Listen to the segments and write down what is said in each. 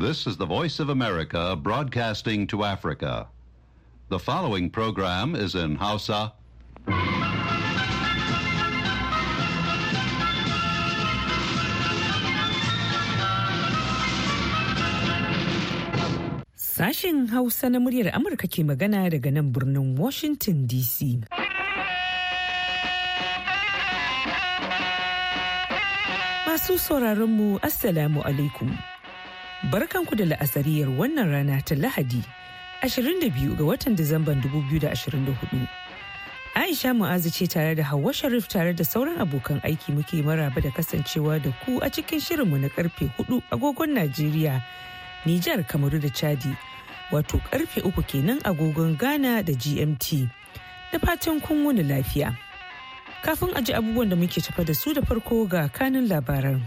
This is the Voice of America broadcasting to Africa. The following program is in Hausa. Sashen Hausa na muryar Amurka ke magana daga nan birnin Washington DC. Masu sauraronmu, Assalamu alaikum. Barkanku da la'asariyar wannan rana ta Lahadi, 22 ga watan Disamban 2024. Aisha Mu'azu ce tare da Hauwa Sharif tare da sauran abokan aiki muke maraba da kasancewa da ku a cikin shirinmu na karfe 4 agogon Najeriya, Nijar, Kamaru da Chadi, wato karfe 3 kenan agogon Ghana da GMT. Da fatan kun wani lafiya. Kafin a ji abubuwan da muke tafa da su da farko ga kanin labaran.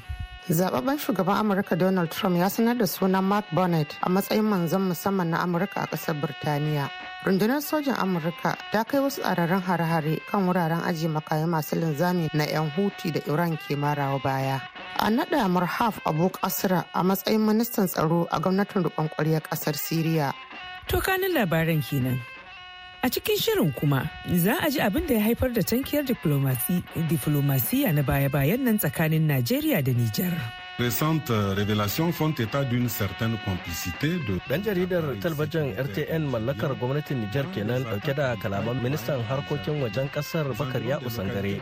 zababben shugaban amurka donald trump ya sanar da sunan mark bonnet a matsayin manzon musamman na amurka a ƙasar birtaniya rundunar sojin amurka ta kai wasu tsararren hare-hare kan wuraren aji makayi masu linzami na 'yan huti da iran ke marawa baya an naɗa murhaf abu asra a matsayin ministan tsaro a gwamnatin riƙon ƙwaryar ƙasar siriya to kanin labaran kenan A cikin shirin kuma za a ji abin da ya haifar da tankiyar diflomasiya na baya-bayan nan tsakanin Najeriya da Nijar. Récentes euh, révélations font état d'une certaine complicité de... Ɗan jaridar talbajin RTN mallakar gwamnatin Nijar kenan dauke da kalaman ministan harkokin wajen kasar Bakar Ya'u Sangare,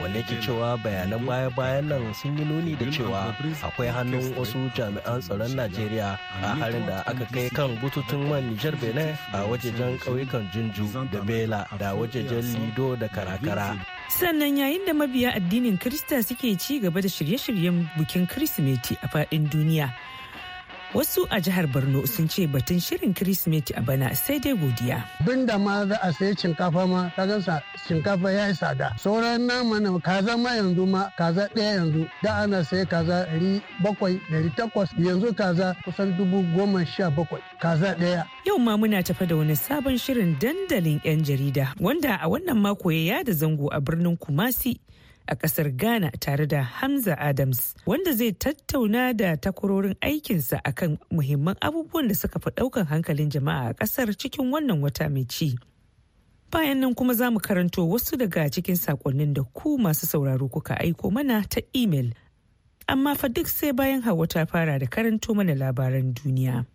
wanda yake cewa bayanan baya-bayan nan sun yi nuni da cewa akwai hannun wasu jami'an tsaron Najeriya a harin da aka kai kan bututun man Nijar Benin a wajejen ƙauyukan Junju da Bela da wajejen Lido da Karakara. sannan yayin da mabiya addinin Kirista suke ci gaba da shirye-shiryen bukin Kirsimeti a faɗin duniya wasu a jihar borno sun ce batun shirin kirsimeti a bana sai dai godiya bin da ma za a sayi shinkafa ma kaga sa shinkafa ya yi tsada sauran nama na kaza ma yanzu ma kaza ɗaya yanzu da ana sayi kaza ɗari bakwai ɗari takwas yanzu kaza kusan dubu goma sha bakwai kaza ɗaya yau ma muna tafa da wani sabon shirin dandalin 'yan jarida wanda a wannan mako ya yada zango a birnin kumasi a kasar Ghana tare da Hamza Adams wanda zai tattauna da takwarorin aikinsa akan muhimman abubuwan da suka fi daukan hankalin jama'a a kasar cikin wannan wata mai ci. Bayan nan kuma za mu karanto wasu daga cikin sakonnin da ku masu sauraro kuka aiko mana ta imel. Amma fa duk sai bayan hawa ta fara da karanto mana labaran duniya.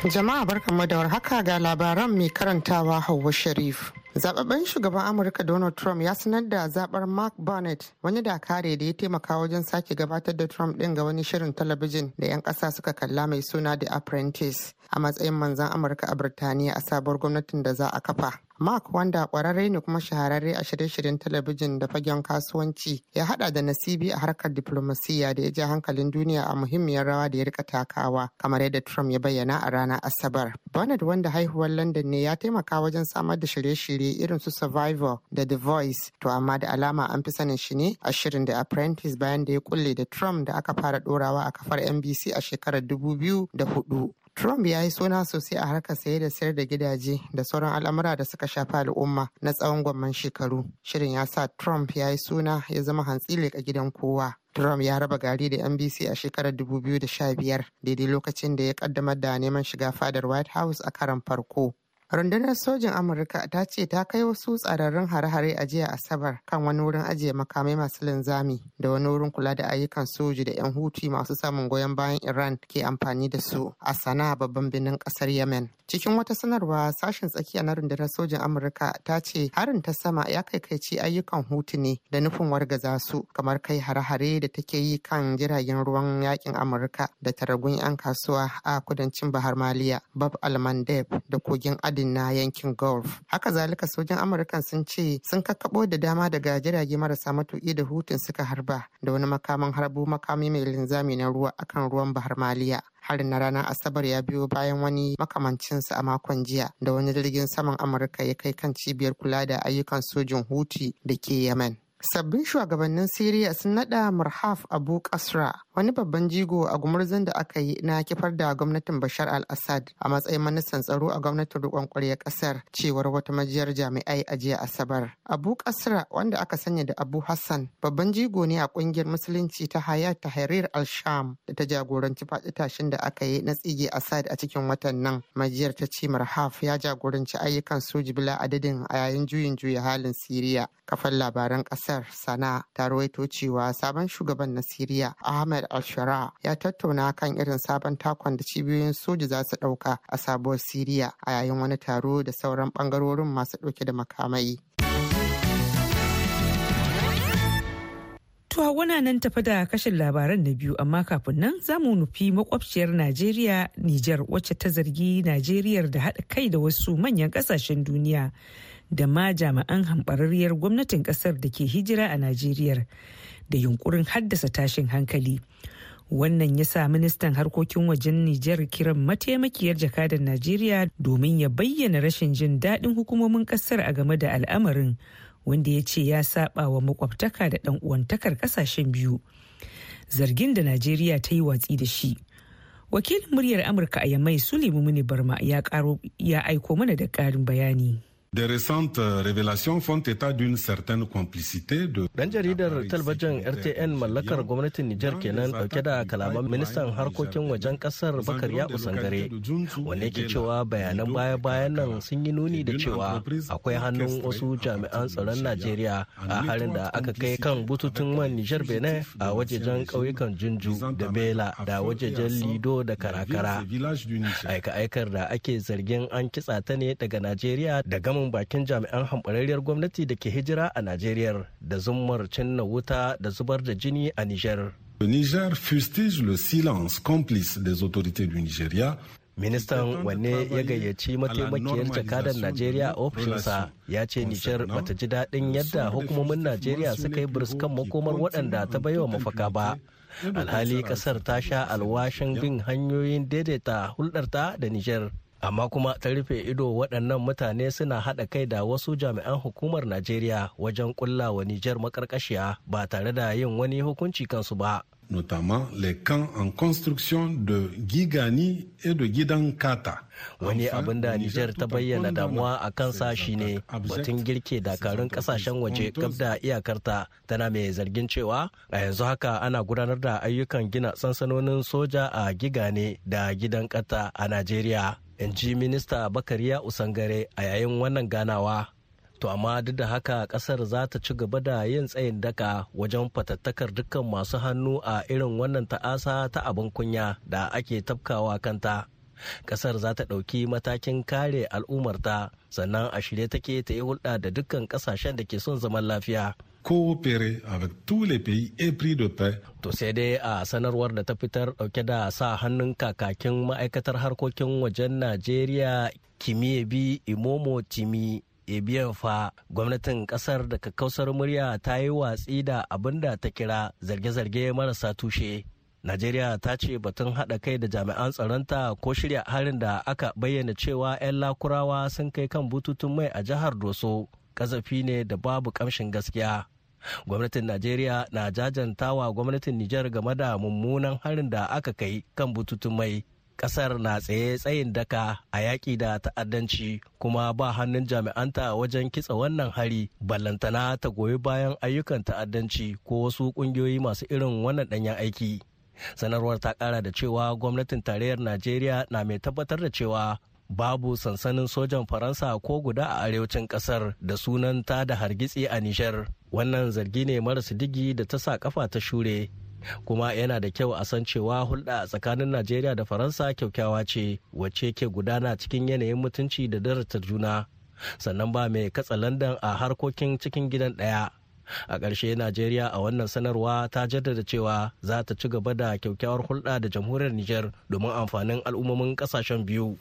Jama'a barkanmu da haka ga labaran mai karantawa Hauwa Sharif. Zababben shugaban Amurka Donald Trump ya sanar da zabar Mark Barnett wani dakare da ya taimaka wajen sake gabatar da Trump ɗin ga wani shirin talabijin da 'yan ƙasa suka kalla mai suna The Apprentice a matsayin manzan Amurka a Birtaniya a sabuwar gwamnatin da za a kafa. Mark wanda kwararre ne kuma shahararre a shirye-shiryen talabijin da fagen kasuwanci ya hada da nasibi a harkar diplomasiya da ya ja hankalin duniya a muhimmiyar rawa da ya rika takawa kamar yadda Trump ya bayyana a ranar Asabar. Bernard wanda haihuwar London ne ya taimaka wajen samar da shirye-shirye irin su Survivor da The Voice to amma da alama an fi sanin shi ne a shirin da Apprentice bayan da ya kulle da Trump da aka fara dorawa a kafar NBC a shekarar 2004. Trump ya yi suna sosai a harkar saye da sayar da gidaje da sauran al'amura da suka shafi al'umma na tsawon gwamman shekaru. Shirin ya sa Trump ya yi suna ya zama hantsi leƙa gidan kowa. Trump ya raba gari da NBC a shekarar 2015 daidai lokacin da ya kaddamar da neman shiga fadar White House a karan farko. rundunar sojin amurka ta ce ta kai wasu tsararrun hare-hare a jiya asabar kan wani wurin ajiye makamai masu linzami da wani wurin kula da ayyukan soji da 'yan hutu masu samun goyon bayan iran ke amfani da su a sana babban birnin kasar yemen cikin wata sanarwa sashen tsakiya na rundunar sojin amurka ta ce harin ta sama ya kaikaici ayyukan hutu ne da nufin wargaza su kamar kai hare-hare da take yi kan jiragen ruwan yakin amurka da taragun 'yan kasuwa a kudancin bahar maliya bab almandeb da kogin adi lardin na yankin Gulf. Haka zalika sojin Amurka sun ce sun kakkabo da dama daga jirage marasa matuƙi da hutun suka harba da wani makaman harbo makami mai linzami na ruwa akan ruwan Bahar Maliya. harin na ranar asabar ya biyo bayan wani makamancinsa a makon jiya da wani jirgin saman amurka ya kai kan cibiyar kula da ayyukan sojin huti da ke yemen sabbin shugabannin siriya sun nada murhaf abu qasra wani babban jigo a gumurzun da aka yi na kifar da gwamnatin bashar al-assad a matsayin ministan tsaro a gwamnatin rikon kwarya ƙasar cewar wata majiyar jami'ai a jiya asabar abu kasra wanda aka sanya da abu hassan babban jigo ne a ƙungiyar musulunci ta hayat tahrir al-sham da ta jagoranci faɗi da aka yi na tsige assad a cikin watan nan majiyar ta ce marhaf ya jagoranci ayyukan soji bila adadin a yayin juyin juya halin siriya kafan labaran kasar sana ta rawaito cewa sabon shugaban na siriya ahmed al-shara ya tattauna kan irin sabon takon da cibiyoyin soji za su ɗauka a sabuwar siriya a yayin wani taro da sauran ɓangarorin masu ɗauke da makamai Tuwa wana nan tafi da kashin labaran na biyu amma kafin nan za mu nufi makwabciyar Najeriya Nijar wacce ta zargi Najeriyar da haɗa kai da wasu manyan ƙasashen duniya da ma jami'an hambararriyar gwamnatin ƙasar da ke hijira a Najeriyar da yunkurin haddasa tashin hankali wannan ya sa ministan harkokin wajen nijar kiran mataimakiyar jakadar najeriya domin ya bayyana rashin jin daɗin hukumomin ƙasar a game da al'amarin wanda ya ce ya saba wa makwabtaka da ɗan uwantakar ƙasashen biyu zargin da najeriya ta yi watsi da shi wakilin muryar amurka a yamai sulemu mini barma ya aiko mana da ƙarin bayani Des récentes révélations font état d'une certaine complicité de... Dan jaridar talbajin RTN mallakar gwamnatin Nijar kenan dauke da kalaman ministan harkokin wajen kasar Bakar Yaku Sangare wanda yake cewa bayanan baya-bayan nan sun yi nuni da cewa akwai hannun wasu jami'an tsaron Najeriya a harin da aka kai kan bututun man Nijar Benin a wajejen ƙauyukan Junju da Bela da wajejen Lido da Karakara. Aika-aikar da ake zargin an kitsa ta ne daga Najeriya da gama samun bakin jami'an hambararriyar gwamnati da ke hijira a Najeriya da zummar cinna wuta da zubar da jini a Nijar. Le Niger fustige le silence complice des autorités du Nigeria ministan wanne ya gayyaci mataimakiyar jakadar najeriya a ofishinsa ya ce nijar bata ji daɗin yadda hukumomin najeriya suka yi burskan makomar waɗanda ta baiwa mafaka ba alhali ƙasar ta sha alwashin bin hanyoyin daidaita hulɗarta da nijar amma kuma ta rufe ido waɗannan mutane suna haɗa kai da wasu jami'an hukumar najeriya wajen ƙulla wa nijar makarkashiya ba tare da yin wani hukunci kansu ba notamment les camps en construction de Gigani et de Kata. Wani abin da Nijar ta bayyana damuwa a kan sashi ne batun girke dakarun kasashen waje gab da iyakarta tana mai zargin cewa a yanzu haka ana gudanar da ayyukan gina sansanonin soja a Gigane da gidan kata a Najeriya. in ji minista bakariya usangare a yayin wannan ganawa to amma duk da haka kasar za ta ci gaba da yin tsayin daka wajen fatattakar dukkan masu hannu a irin wannan ta'asa ta abin kunya da ake tafkawa kanta kasar za ta ɗauki matakin kare al'ummarta sannan a shirye take ta yi hulɗa da dukkan ƙasashen da ke son zaman lafiya coopérer avec tous les pays épris de paix. To sai dai a sanarwar da ta fitar dauke da sa hannun kakakin ma'aikatar harkokin wajen Najeriya Kimiyebi Imomo Timi Ebiyanfa gwamnatin kasar da kakkausar murya ta yi watsi da abinda ta kira zarge-zarge marasa tushe. Najeriya ta ce batun haɗa kai da jami'an tsaronta ko shirya harin da aka bayyana cewa 'yan lakurawa sun kai kan bututun mai a jihar Doso kazafi ne da babu kamshin gaskiya gwamnatin najeriya na jajantawa gwamnatin nijar game da mummunan harin da aka kai kan bututun mai Ƙasar na tsaye tsayin daka a yaƙi da ta'addanci kuma ba hannun jami'anta wajen kitsa wannan hari ballantana ta goyi bayan ayyukan ta'addanci ko wasu ƙungiyoyi masu irin wannan ɗanyen aiki sanarwar ta ƙara da cewa gwamnatin tarayyar najeriya na mai tabbatar da cewa babu sansanin sojan faransa ko guda a arewacin kasar da sunan ta da hargitsi a nijar wannan zargi ne maras digi da ta sa kafa ta shure kuma yana da kyau a san cewa hulɗa a tsakanin najeriya da faransa kyaukyawa ce wacce ke gudana cikin yanayin mutunci da darata juna sannan ba mai katsa landan a harkokin cikin gidan ɗaya a ƙarshe najeriya a wannan sanarwa ta jaddada cewa za ta ci gaba da kyaukyawar hulɗa da jamhuriyar niger domin amfanin al'ummomin ƙasashen biyu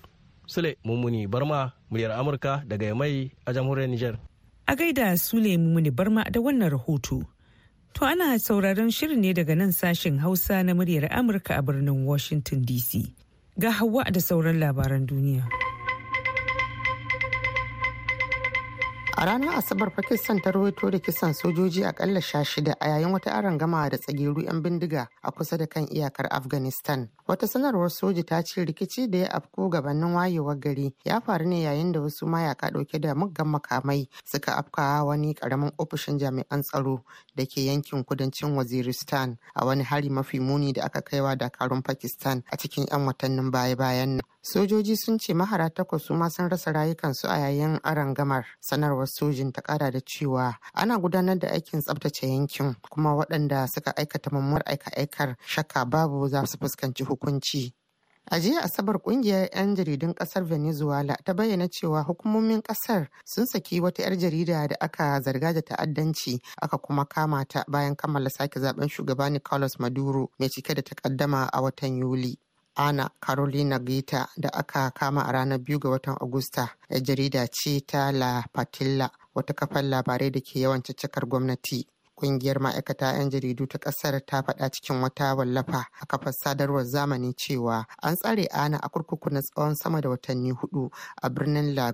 Sule Mumuni Barma muryar Amurka daga yamai a jamhuriyar Nijar. A gaida Sule Mumuni Barma da wannan rahoto. To ana sauraron shirin ne daga nan sashen Hausa na muryar Amurka a birnin Washington DC. Ga hawa da sauran labaran duniya. a ranar asabar pakistan ta rawaito da kisan sojoji akalla sha shida a yayin wata aron gama da tsageru 'yan bindiga a kusa da kan iyakar afghanistan wata sanarwar soji ta ce rikici da ya afko gabanin wayewar gari ya faru ne yayin da wasu mayaka dauke da muggan makamai suka afkawa wani karamin ofishin jami'an tsaro da ke yankin kudancin waziristan a wani hari mafi muni da aka kaiwa dakarun pakistan a cikin 'yan watannin baya-bayan nan sojoji sun ce mahara takwas su ma sun rasa rayukansu a yayin gamar sanarwar sojin ta kara da cewa ana gudanar da aikin tsabtace yankin kuma waɗanda suka aikata mummunar aika-aikar shakka babu za su fuskanci hukunci A jiya Asabar kungiyar 'yan jaridun kasar Venezuela ta bayyana cewa hukumomin kasar sun saki wata 'yar jarida da aka zarga da ta'addanci aka kuma kama ta bayan kammala sake zaben shugaba Nicolas Maduro mai cike da takaddama a watan Yuli. Ana Carolina Gita da aka kama a ranar biyu ga watan Agusta, ya jarida ce ta La Patilla, wata kafar labarai da ke yawan cikar gwamnati. Kungiyar ma'aikata 'yan jaridu ta ƙasar ta faɗa cikin wata wallafa a kafar sadarwar zamani cewa an tsare ana a kurkuku na tsawon sama da watanni hudu a birnin La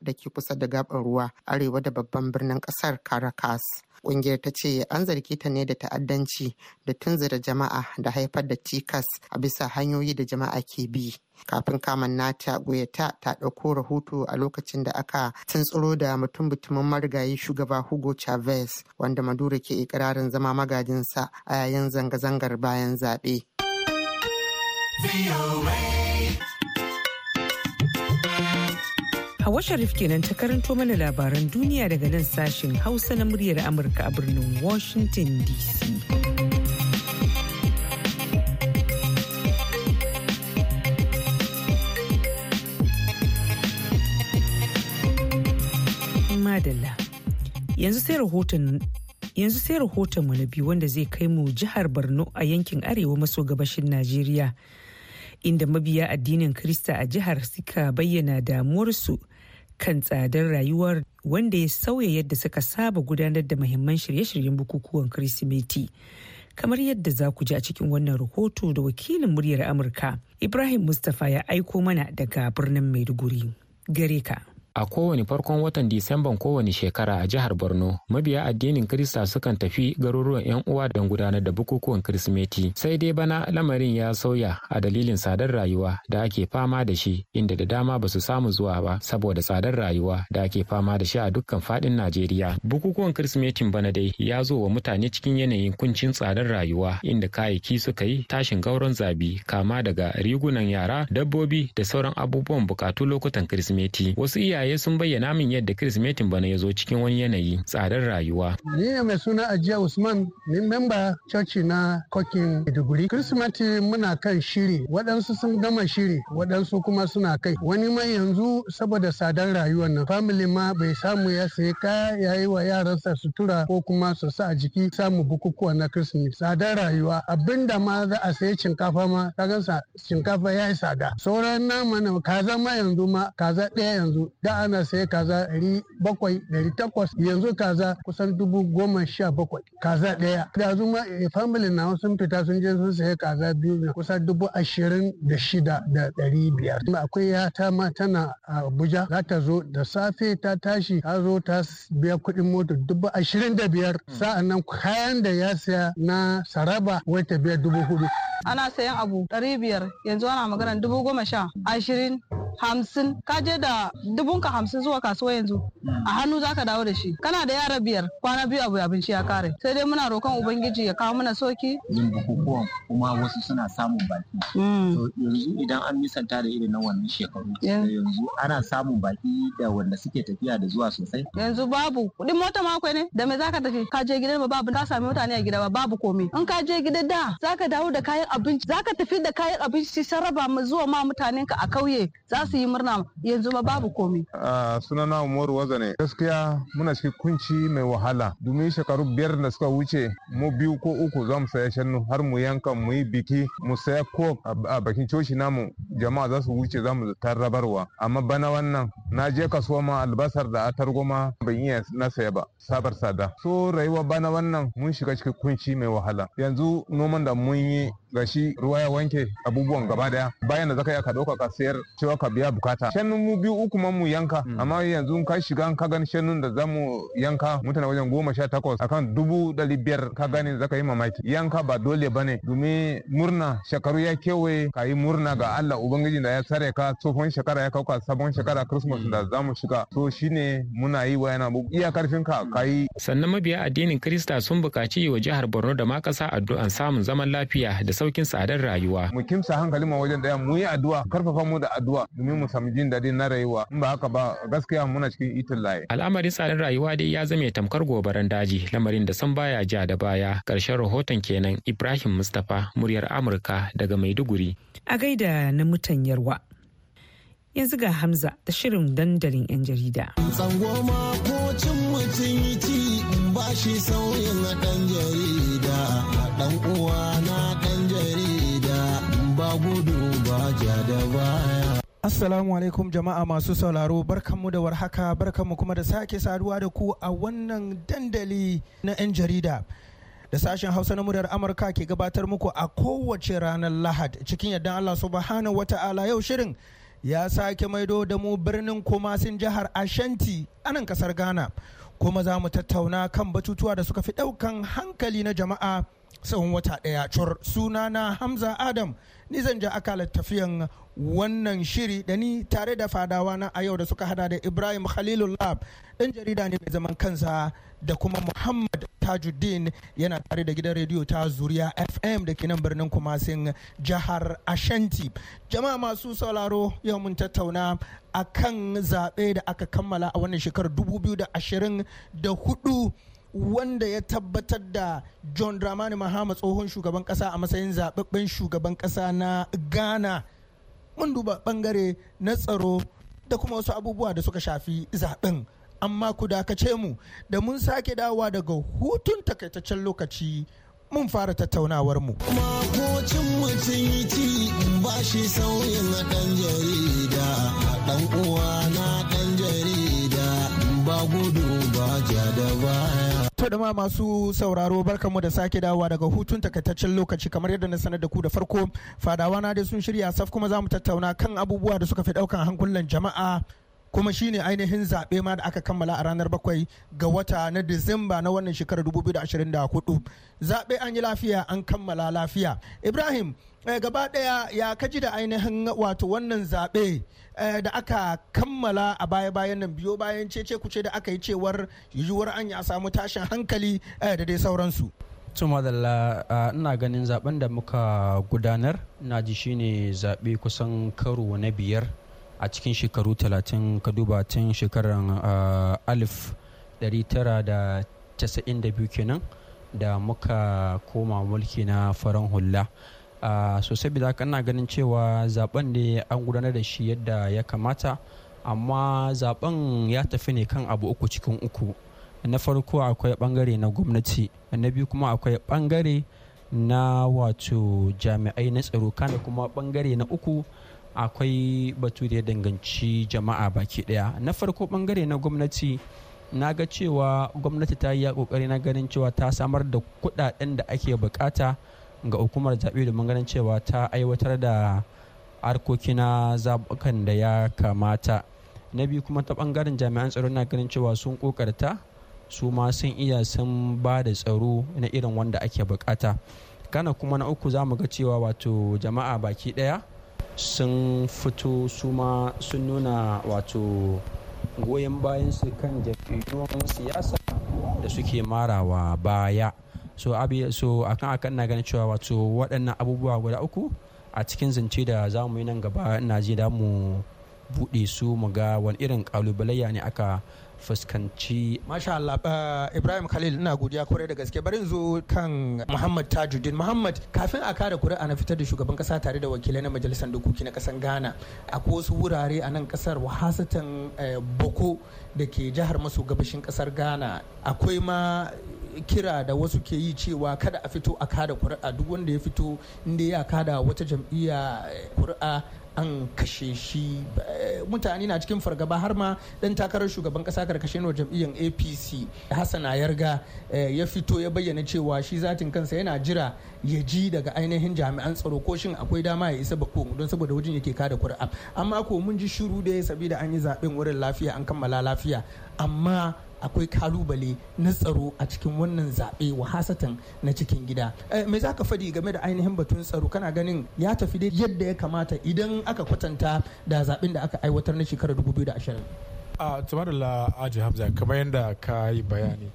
da ke kusa da gaɓar ruwa arewa da babban birnin ƙasar Caracas. Ƙungiyar ta ce an zargi ta ne da ta'addanci da tunzura jama'a da haifar da tikas a bisa hanyoyi da jama'a ke bi. kafin kaman nata goyata ta ɗauko rahoto a lokacin da aka tsuntsuro da mutum mutumin marigayi shugaba hugo chavez wanda Madura ke ikirarin zama magajinsa a yayin zanga-zangar bayan zaɓe. Hawa Sharif kenan ta karanto mana labaran duniya daga nan sashen Hausa na muryar Amurka a birnin Washington DC. Yanzu sai rahoton mu na biyu wanda zai kai mu jihar Borno a yankin arewa maso gabashin Najeriya. inda mabiya addinin Krista a jihar suka bayyana damuwarsu kan tsadar rayuwar wanda ya sauya yadda suka saba gudanar da mahimman shirye-shiryen bukukuwan Kirsimeti. Kamar yadda za ku ji a cikin wannan rahoto da wakilin muryar Amurka, Ibrahim Mustapha ya aiko mana daga birnin Maiduguri. Gare ka. A kowane farkon watan Disamban kowane shekara a jihar Borno, mabiya addinin Kirista sukan tafi garuruwan 'yan uwa don gudanar da bukukuwan Kirsimeti. Sai dai bana lamarin ya sauya a dalilin tsadar rayuwa da ake fama da shi, inda da dama ba su samu zuwa ba saboda tsadar rayuwa da ake fama da shi a dukkan faɗin Najeriya. Bukukuwan Kirsimetin bana dai ya zo wa mutane cikin yanayin kuncin tsadar rayuwa inda kayayyaki suka yi tashin gauron zabi kama daga rigunan yara, dabbobi da sauran abubuwan bukatu lokutan Kirsimeti. Wasu iyaye iyaye sun bayyana min yadda Kirsimetin bana ya zo cikin wani yanayi tsadar rayuwa. Ni ne mai suna Ajiya Usman, ni memba coci na Kokin Maiduguri. Kirsimeti muna kan shiri, waɗansu sun gama shiri, waɗansu kuma suna kai. Wani ma yanzu saboda tsadar rayuwar nan, family ma bai samu ya sayi ka ya yi wa yaransa sutura ko kuma su sa a jiki samu bukukuwa na Kirsimeti. Tsadar rayuwa, abinda ma za a sayi shinkafa ma, ka shinkafa ya yi tsada. Sauran nama kaza ma yanzu ma, kaza ɗaya yanzu, da ana saya kaza ɗari bakwai ɗari takwas yanzu kaza kusan dubu goma sha bakwai kaza ɗaya da zuma eh, family na sun fita sun je sun saya kaza biyu na kusan dubu ashirin da shida da ɗari biyar akwai yata ma tana abuja za ta zo da safe ta tashi ta zo ta biya kuɗin mota dubu ashirin da biyar hmm. sa'an nan kayan da ya saya na saraba wai ta biya dubu hudu ana sayan abu ɗari biyar yanzu ana magana dubu goma sha ashirin hamsin ka je da dubun ka hamsin zuwa kasuwa yanzu a hannu zaka dawo da shi kana da yara biyar kwana biyu abu abinci ya kare sai dai muna roƙon ubangiji ya kawo mana soki yin bukukuwan kuma wasu suna samun baki mm. to yanzu idan an nisanta da irin na wannan shekaru yanzu ana samun baki da wanda suke tafiya da zuwa sosai yanzu babu kuɗin mota ma ne da me zaka tafi ka je gidan babu ka sami mutane a gida ba babu komai in ka je gida da zaka dawo da kayan abinci zaka tafi da kayan abinci sai raba mu zuwa ma mutanen ka a kauye za za su yi murna yanzu ma babu komai. sunana umaru waza ne gaskiya muna cikin kunci mai wahala domin shekaru biyar da suka wuce mu biyu ko uku za mu saya shannu har mu yanka mu yi biki mu saya ko a bakin coci namu jama'a za su wuce za mu tarrabarwa amma bana wannan na je kasuwa ma albasar da atargo ma ban iya na saya ba sabar sada so rayuwa bana wannan mun shiga cikin kunci mai wahala yanzu noman da mun yi gashi ruwa ya wanke abubuwan gaba daya bayan da zaka ya ka dauka ka sayar cewa ka biya bukata shanu mu biyu uku ma mu yanka hmm. amma yanzu ka shiga ka gani shanun da za mu yanka mutane wajen goma sha takwas akan dubu dari biyar ka gani zaka yi mamaki yanka ba dole ba ne domin murna shekaru ya kewaye ka yi murna ga Allah ubangiji da ya tsare ka tsohon shekara ya kauka sabon shekara Christmas da hmm. za mu shiga to shine muna yi wa yana iya karfin ka ka yi. Sannan mabiya addinin Kirista sun buƙaci wa jihar Borno da makasa addu'an samun zaman lafiya da saukin tsadar rayuwa. Mu kimsa hankali ma wajen daya mu yi addu'a karfafa mu da addu'a domin mu samu jin daɗi na rayuwa in ba haka ba gaskiya muna cikin itin laye. Al'amarin tsarin rayuwa dai ya zame tamkar gobaran daji lamarin da san baya ja da baya ƙarshen rahoton kenan Ibrahim Mustapha muryar Amurka daga Maiduguri. A gaida na mutan Yanzu ga Hamza da shirin dandalin 'yan jarida. Tsango ma ko cin mutum yi ci ba shi sauyin ɗan jarida, ɗan uwa na ɗan jarida, ba gudu ba ja da baya. Assalamu alaikum jama'a masu sauraro barkanmu da warhaka barkanmu kuma da sake saduwa da ku a wannan dandali na 'yan jarida. Da sashen Hausa na muryar Amurka ke gabatar muku a kowace ranar Lahad cikin yadda Allah subhanahu wa ta'ala yau shirin ya sake maido da mu birnin Kumasin jihar Ashanti a nan kasar Ghana. Kuma za mu tattauna kan batutuwa da suka fi ɗaukan hankali na jama'a tsawon wata ɗaya cur na hamza adam ni zan ja akala tafiyan wannan shiri da ni tare da fadawa na a yau da suka hada da ibrahim khalilullah ɗan jarida ne mai zaman kansa da kuma muhammad tajuddin yana tare da gidan rediyo ta zuriya fm da ke nan birnin kumasin jihar ashanti jama'a masu sauraro yau mun tattauna a kan zaɓe da aka kammala a wannan shekarar 2024 wanda ya tabbatar da john dramani mahama tsohon shugaban kasa a matsayin zaɓaɓɓen shugaban kasa na ghana mun duba bangare na tsaro da kuma wasu abubuwa da suka shafi zaɓen amma ku dakace mu da mun sake dawowa daga hutun takaitaccen lokaci mun fara tattaunawar mu. Makocin mutum yi ci ba shi sauyin ɗan jarida, ɗan uwa na ɗan jarida, ba gudu ba baya. da ma masu sauraro barkanmu da sake dawowa daga hutun takaitaccen lokaci kamar yadda na sanar da ku da farko fadawa na dai sun shirya saf kuma za mu tattauna kan abubuwa da suka fi daukan hankulan jama'a kuma shine ainihin zaɓe ma da aka kammala a ranar bakwai ga wata na disamba na wannan shekarar 2024 zaɓe an yi lafiya an kammala lafiya ibrahim Eh, gaba ɗaya ya kaji da ainihin wato wannan zaɓe eh, da aka kammala a baya-bayan nan biyo bayan cece kuce da aka yi cewar yiwuwar an ya samu tashin hankali eh, da dai sauransu. tumadalla ah, ina ganin zaben da muka gudanar na ji shine zaɓe kusan karo na biyar a cikin shekaru talatin ka duba tun shekarar ah, alif 992 kenan da muka koma mulki na farin hula. sosai bi kana ganin cewa zaben ne an gudanar da shi yadda ya kamata amma zaben ya tafi ne kan abu uku cikin uku na farko akwai bangare na gwamnati na biyu kuma akwai bangare na wato jami'ai na tsaro kana kuma bangare na uku akwai batu da danganci jama'a baki daya na farko bangare na gwamnati na ga cewa gwamnati ta yi ya kokari na ganin cewa ta samar da kudaden da ake bukata ga hukumar zaɓe domin ganin cewa ta aiwatar da harkoki na zaɓukan da ya kamata na biyu kuma ta ɓangaren jami'an tsaro na ganin cewa sun ƙoƙarta su ma sun iya sun ba da tsaro na irin wanda ake bukata kana kuma na uku za mu ga cewa wato jama'a baki ɗaya sun fito su ma sun nuna wato goyon bayansu kan jafi siyasa da suke marawa baya so abi so akan akan na ganin cewa wato waɗannan abubuwa guda uku a cikin zance da za mu yi nan gaba ina ji da mu buɗe su mu ga wani irin ƙalubalayya ne aka fuskanci masha Allah Ibrahim Khalil ina godiya kwarai da gaske bari zo kan Muhammad Tajuddin Muhammad kafin a kada kuri'a na fitar da shugaban kasa tare da wakilai na majalisar dokoki na kasar Ghana akwai wasu wurare a nan kasar wahasatan eh, Boko da ke jihar maso gabashin kasar Ghana akwai ma kira da wasu ke yi cewa kada a fito a kada kuri'a duk wanda ya fito inda ya kada wata jam'iyya eh, kuri'a an kashe shi eh, mutane na cikin fargaba har ma dan takarar shugaban kasa karkashe na jam'iyyar apc hassan yarga eh, ya fito ya bayyana cewa shi zatin kansa yana jira ya ji daga ainihin jami'an tsaro ko shin akwai dama ya isa bako don saboda wajen yake kada kuri'a amma ko mun ji shiru da ya sabida an yi zaben wurin lafiya an kammala lafiya amma akwai kalubale na tsaro a cikin wannan zaɓe wahasatan na cikin gida eh, me za ka faɗi game da ainihin batun tsaro kana ganin ya tafi dai yadda ya kamata idan aka kwatanta da zaɓen da aka aiwatar na shekarar 2020 a tumarila aji hamza kamar yadda ka yi bayani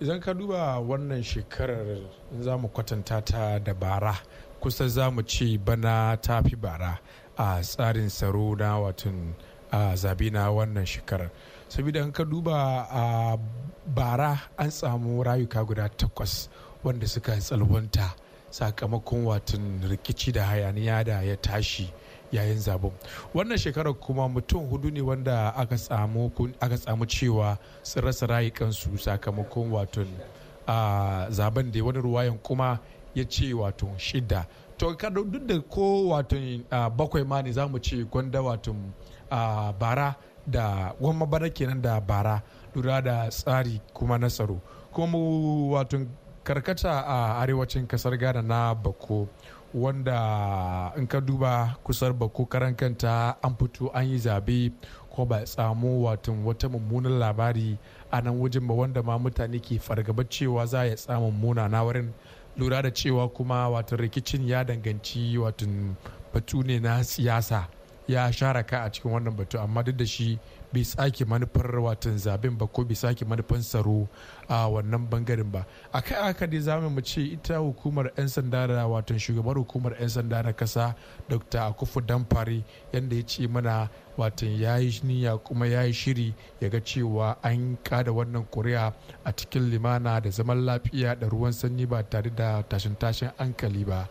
idan ka duba wannan shekarar za mu kwatanta ta da bara kusa za mu ce bana ta fi bara a tsarin tsaro na watan zabi na wannan shekarar saboda an ka duba a bara an samu rayuka guda takwas wanda suka tsalwanta sakamakon watan rikici da hayaniya da ya tashi yayin zaben wannan shekarar kuma mutum hudu ne wanda aka samu cewa sun rasa rayukansu sakamakon watan zaben da wani ruwayan kuma ya ce wato shida to kado duk da ko wato bakwai ma ne za mu ce gwanda wato bara da gwamma bara kenan da bara lura da tsari kuma nasaro kuma kuma wato karkata a arewacin kasar ghana na bako wanda in ka duba kusar bako karan kanta an fito an yi zabe ko ba samu wato wata mummunan labari a nan wajen ba wanda ma mutane ke fargaba cewa za ya muna na wurin lura da cewa kuma wato rikicin ya danganci wato batu ne na siyasa ya share ka a cikin wannan batu amma duk da shi bai tsake manufar watan zaben ba ko bai tsake manufan tsaro a wannan bangaren ba a kai haka dai zamu mu ce ita hukumar 'yan sanda da watan shugabar hukumar 'yan sanda na kasa dr akufu damfari yadda ya ce mana watan ya yi niyya kuma ya yi shiri ya ga cewa an kada wannan kuri'a a cikin limana da zaman lafiya da ruwan sanyi ba tare da tashin-tashin hankali ba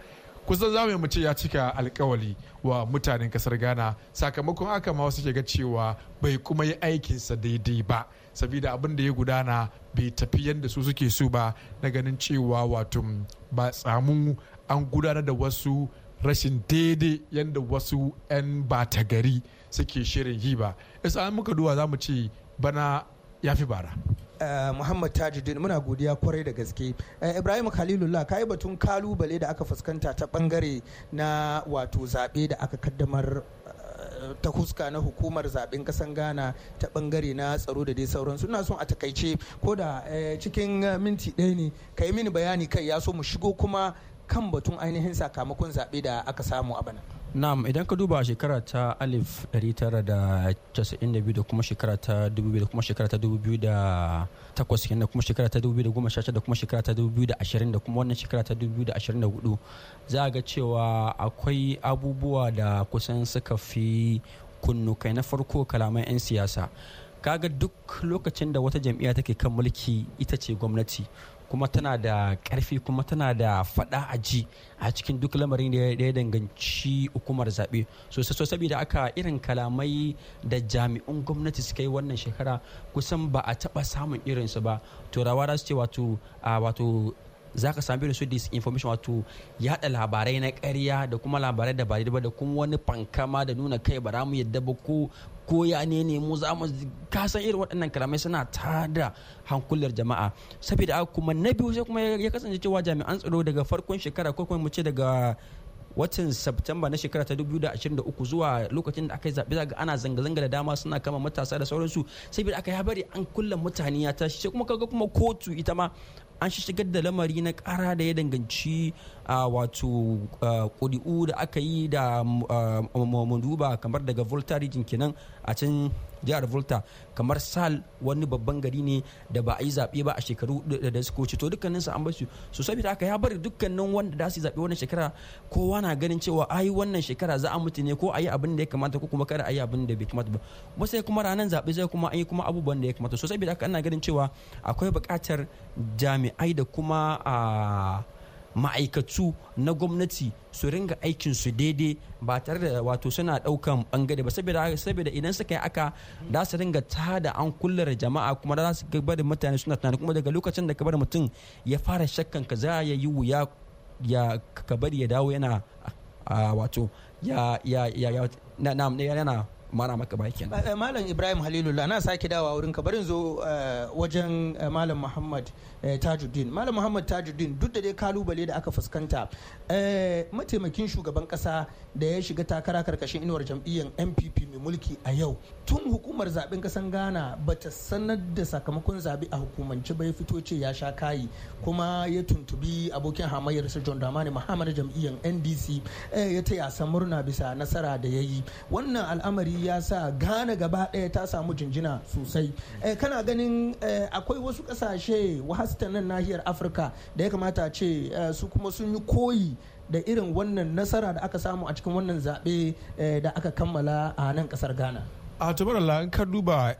kusan za mu ce ya cika alkawali wa mutanen kasar ghana sakamakon haka ma wasu ke ga cewa bai kuma yi aikinsa daidai ba sabida abin da ya gudana bai tafi yadda su suke so ba na ganin cewa wato ba samu an gudanar da wasu rashin daidai yadda wasu 'yan bata gari suke shirin yi ba isa an muka duwa za mu ce bana ya fi bara Eh, Muhammad Tajuddin muna godiya kwarai da gaske. Eh, Ibrahim Khalilullah kai batun kalubale da aka fuskanta ta bangare na wato zaɓe da aka kaddamar eh, ta huska na hukumar zaben kasan ghana ta bangare na tsaro da dai sauran suna son a takaice ko da cikin minti ɗaya ne ka yi mini bayani kai ya so mu shigo kuma kan batun ainihin sakamakon zaɓe da aka samu a bana. Na'am idan ka duba shekara ta 1992 da kuma shekara ta 2000 da kuma shekara ta 2008 kenan da kuma shekara ta 2016 da kuma shekara ta 2020 da kuma wannan shekara ta 2024 za a ga cewa akwai abubuwa da kusan suka fi kunnu kai na farko kalaman 'yan siyasa kaga duk lokacin da wata jam'iyya take kan mulki ita ce gwamnati kuma tana da karfi kuma tana da fada a ji a cikin duk lamarin da ya danganci hukumar zaɓe so so saboda aka irin kalamai da jami'un gwamnati suka yi wannan shekara kusan ba a taɓa samun irinsu ba turawa za su ce wato za ka sami su disinformation wato yada labarai na karya da kuma labarai da ba da kuma wani fankama da nuna kai ba mu yadda ba ko ko ya ne ne mu za mu kasan irin waɗannan karamai suna tada hankular jama'a saboda kuma na biyu sai kuma ya kasance cewa jami'an tsaro daga farkon shekara ko kuma mu ce daga watan Septemba na shekara ta 2023 zuwa lokacin da aka yi zaɓe zaga ana zanga-zanga da dama suna kama matasa da sauransu sai bi aka ya bari an kulla mutane ya tashi sai kuma kaga kuma kotu ita ma an shigar da lamari na kara da ya danganci wato ƙuri'u da aka yi da duba kamar daga volta region kenan a can jihar volta kamar sal wani babban gari ne da ba a yi zaɓe ba a shekaru da suka wuce to dukkanin su an basu su saboda haka ya bari dukkanin wanda da su zaɓe wannan shekara kowa na ganin cewa ai wannan shekara za a mutu ne ko a yi abin da ya kamata ko kuma kada a yi abin da bai kamata ba kuma sai kuma ranar zaɓe zai kuma an yi kuma abubuwan da ya kamata so saboda haka ana ganin cewa akwai buƙatar jami'a jami'ai da kuma a ma'aikatu na gwamnati su ringa aikin su daidai ba tare da wato suna daukan bangare ba saboda idan suka yi aka da su ringa ta da an kullar jama'a kuma da su da mutane suna tunani kuma daga lokacin da ka kabar mutum ya fara shakkan ka za ya yi wuya ya ka bari ya dawo yana wato ya na yana mara maka bakin eh, malam ibrahim halilullah na sake dawa wurin ka barin zo eh, wajen eh, malam muhammad tajuddin malam muhammad tajuddin duk da dai kalubale da aka fuskanta mataimakin shugaban kasa da ya shiga takara karkashin inuwar jam'iyyar npp mai mulki a yau tun hukumar zaben kasan ghana ba ta sanar da sakamakon zabe a hukumance bai fito ce ya sha kayi kuma ya tuntubi abokin hamayyar sir john damani muhammad jam'iyyar ndc ya taya yasa murna bisa nasara da ya yi wannan al'amari ya sa ghana gaba ɗaya ta samu jinjina sosai eh, kana ganin eh, akwai wasu ƙasashe wahasta nan nahiyar afirka da ya kamata ce eh, su kuma sun yi koyi da irin wannan nasara da aka samu a cikin wannan zaɓe da aka kammala a nan ƙasar ghana a tabarala in ka duba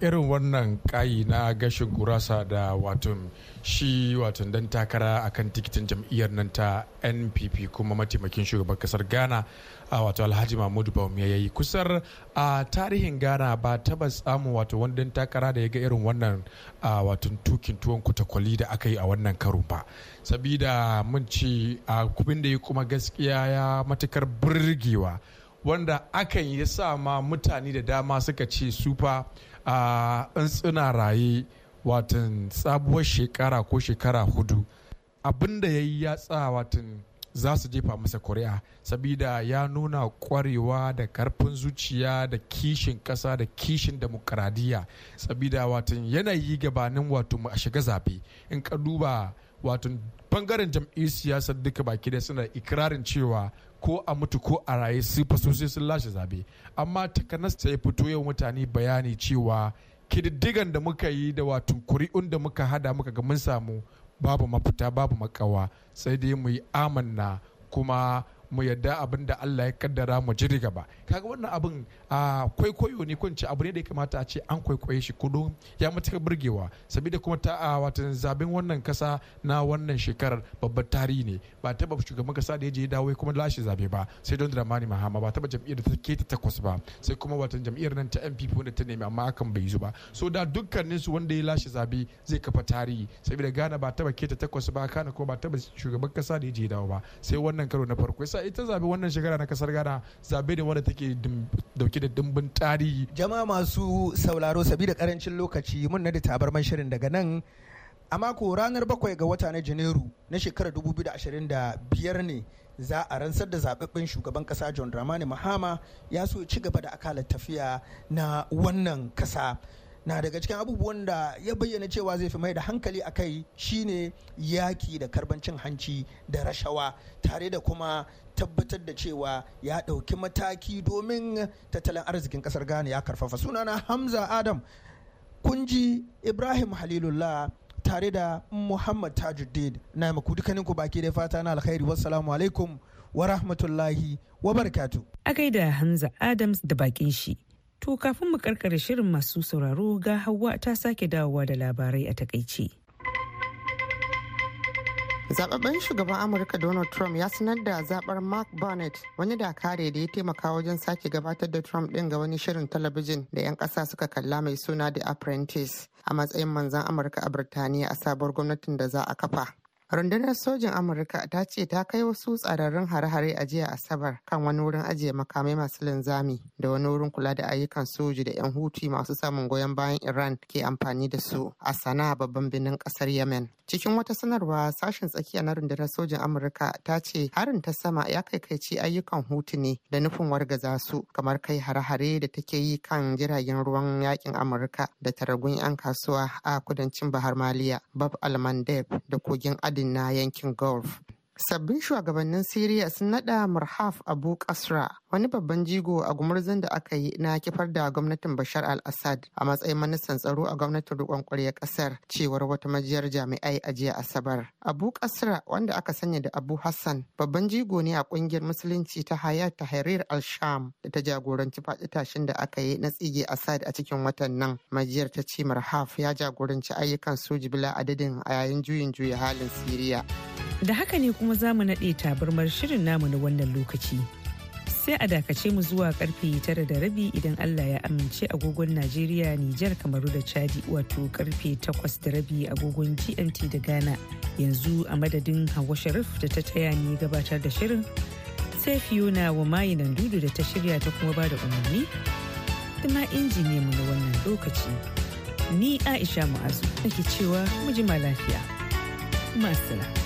irin wannan kayi na gashin gurasa da watan shi watan dan takara akan tikitin jam'iyyar nan ta npp kuma mataimakin shugaban kasar ghana a wato alhaji mahmudu baumiya ya yi kusar a tarihin ghana ba taba samun wato wani dan takara da ya ga irin wannan wato tukin tuwon kutakwali da aka yi a wannan karo ba sabida mun ci a kubin da ya kuma gaskiya ya matukar burgewa wanda akan yi sa ma mutane da dama suka ce sufa a in suna raye watan sabuwar shekara ko shekara hudu abinda ya yi yatsa watan za su jefa masa kuri'a sabida ya nuna kwarewa da karfin zuciya da kishin kasa da kishin demokradiyya sabida watan yanayi gabanin wato a shiga zabe in ka duba watan bangaren jam'iyyar siyasar duka baki da suna ikirarin cewa ko a mutu ko a raye su faso sai sun lashe zabe amma takanas ta ya fito yau mutane bayani cewa kididdigan da muka yi da wato kuri'un da muka hada muka ga mun samu babu mafita babu makawa sai dai mu yi amanna kuma mu yadda abin da Allah ya kaddara mu jiri gaba kaga wannan abin a kwaikwayo ne kun abu ne da ya kamata a ce an kwaikwaye shi kudu ya matuƙar burgewa saboda kuma ta a watan zaben wannan kasa na wannan shekarar babbar tarihi ne ba babu shugaban kasa da ya je dawo kuma lashe zabe ba sai don Dramani Mahama ba ba jam'iyyar da ta keta takwas ba sai kuma wata jam'iyyar nan ta MPP wanda ta nemi amma akan bai zo ba so da dukkanin su wanda ya lashe zabe zai kafa tarihi saboda gana ba ke keta takwas ba kana kuma ba ba shugaban kasa da ya je dawo ba sai wannan karo na farko sa ita zabe wannan shekara na kasar Ghana zabe ne wanda take dauke da dimbin tarihi jama'a masu sauraro sabida karancin lokaci mun na da tabarman shirin daga nan a mako ranar bakwai ga wata na janairu na da biyar ne za a rantsar da zababben shugaban kasa john ramani mahama ya so ci gaba da akalar tafiya na wannan kasa na daga cikin abubuwan da ya bayyana cewa zai fi mai da hankali a kai shine yaki da karbancin hanci da rashawa tare da kuma tabbatar da cewa ya ɗauki mataki domin tattalin arzikin ƙasar ghana ya karfafa sunana hamza adam kunji ibrahim halilullah tare da muhammad tajuddin na maku ku baki da fata na alkhairi wassalamu alaikum wa rahmatullahi wa barakatu a gaida hamza adams da bakin shi To kafin mu karkare shirin masu sauraro ga Hauwa ta sake dawowa da labarai a takaice. Zababben shugaban Amurka Donald Trump ya sanar da zabar Mark Barnett wani dakare da ya taimaka wajen sake gabatar da Trump ɗin ga wani shirin talabijin da 'yan ƙasa suka kalla mai suna The Apprentice a matsayin manzan Amurka a Birtaniya a sabuwar gwamnatin da za a kafa. rundunar sojin amurka ta ce ta kai wasu tsararrun hare-hare a jiya asabar kan wani wurin ajiye makamai masu linzami da wani wurin kula da ayyukan soji da 'yan hutu masu samun goyon bayan iran ke amfani da su a sana'a babban birnin kasar yemen cikin wata sanarwa sashen tsakiya na rundunar sojin amurka ta ce harin ta sama ya kai kaikaici ayyukan hutu ne da nufin wargaza su kamar kai hare-hare da take yi kan jiragen ruwan yakin amurka da taragun 'yan kasuwa a kudancin bahar maliya bab mandeb da kogin Ado. yardin na yankin golf sabbin shugabannin siriya sun nada murhaf abu kasra wani babban jigo a gumurzun da aka yi na kifar da gwamnatin bashar al-assad a matsayin ministan tsaro a gwamnatin rikon kwarya kasar cewar wata majiyar jami'ai a jiya asabar abu kasra wanda aka sanya da abu hassan babban jigo ne a kungiyar musulunci ta hayat tahrir al-sham da ta jagoranci faɗi da aka yi na tsige assad a cikin watan nan majiyar ta ce murhaf ya jagoranci ayyukan soji bila adadin a yayin juyin juya halin siriya Da haka ne kuma za mu naɗe tabarmar shirin namu na wannan lokaci. Sai a dakace mu zuwa karfe tara da rabi idan Allah ya amince agogon Najeriya, Nijar, Kamaru da Chadi wato karfe takwas da rabi agogon GMT da Ghana. Yanzu a madadin Hawa Sharif da ta taya ni gabatar da shirin. Sai Fiona wa mayi nan dudu da ta shirya ta kuma bada umarni. Da ma injiniya mu na wannan lokaci. Ni Aisha Mu'azu nake cewa mu jima lafiya. Masala.